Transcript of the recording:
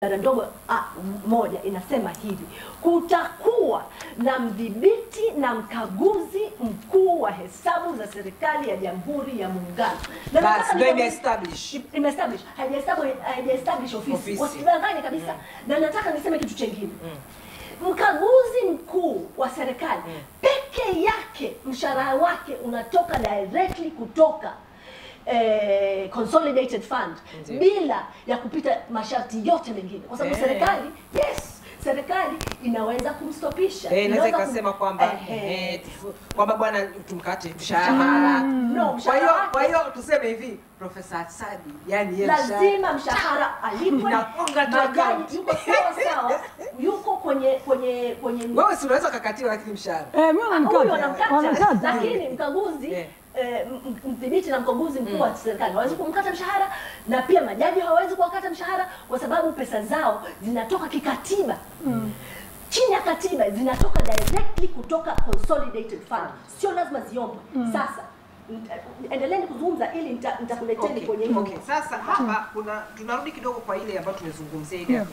Dada ndogo a ah, moja inasema hivi, kutakuwa na mdhibiti na mkaguzi mkuu wa hesabu za serikali ya Jamhuri ya Muungano. haijaestablish ofisi, wasidhani kabisa. Na nataka niseme kitu chengine mm. mkaguzi mkuu wa serikali mm. peke yake mshahara wake unatoka directly kutoka Eh, consolidated fund Ndiyo. bila ya kupita masharti yote mengine kwa sababu eh. serikali yes serikali inaweza kumstopisha hey, eh, inaweza ikasema kum... kwamba hey. hey, kwamba bwana tumkate mshahara mm. no, hiyo kwa hiyo tuseme hivi Profesa Sadi yani lazima mshahara alipwe na magari yuko sawa sawa yuko kwenye kwenye kwenye wewe, si unaweza kukatiwa lakini mshahara eh, mimi wanamkata, lakini mkaguzi yeah. E, eh, mdhibiti na mkaguzi mkuu wa mm. serikali hawezi kumkata mshahara na pia majaji hawawezi kuwakata mshahara kwa sababu pesa zao zinatoka kikatiba mm. chini ya katiba zinatoka directly kutoka consolidated fund, sio lazima ziombwe mm. Sasa endeleeni kuzungumza ili nitakuleteni nita okay. kwenye okay. Sasa hapa mm. kuna tunarudi kidogo kwa ile ambayo tumezungumzia ile yeah. Mm.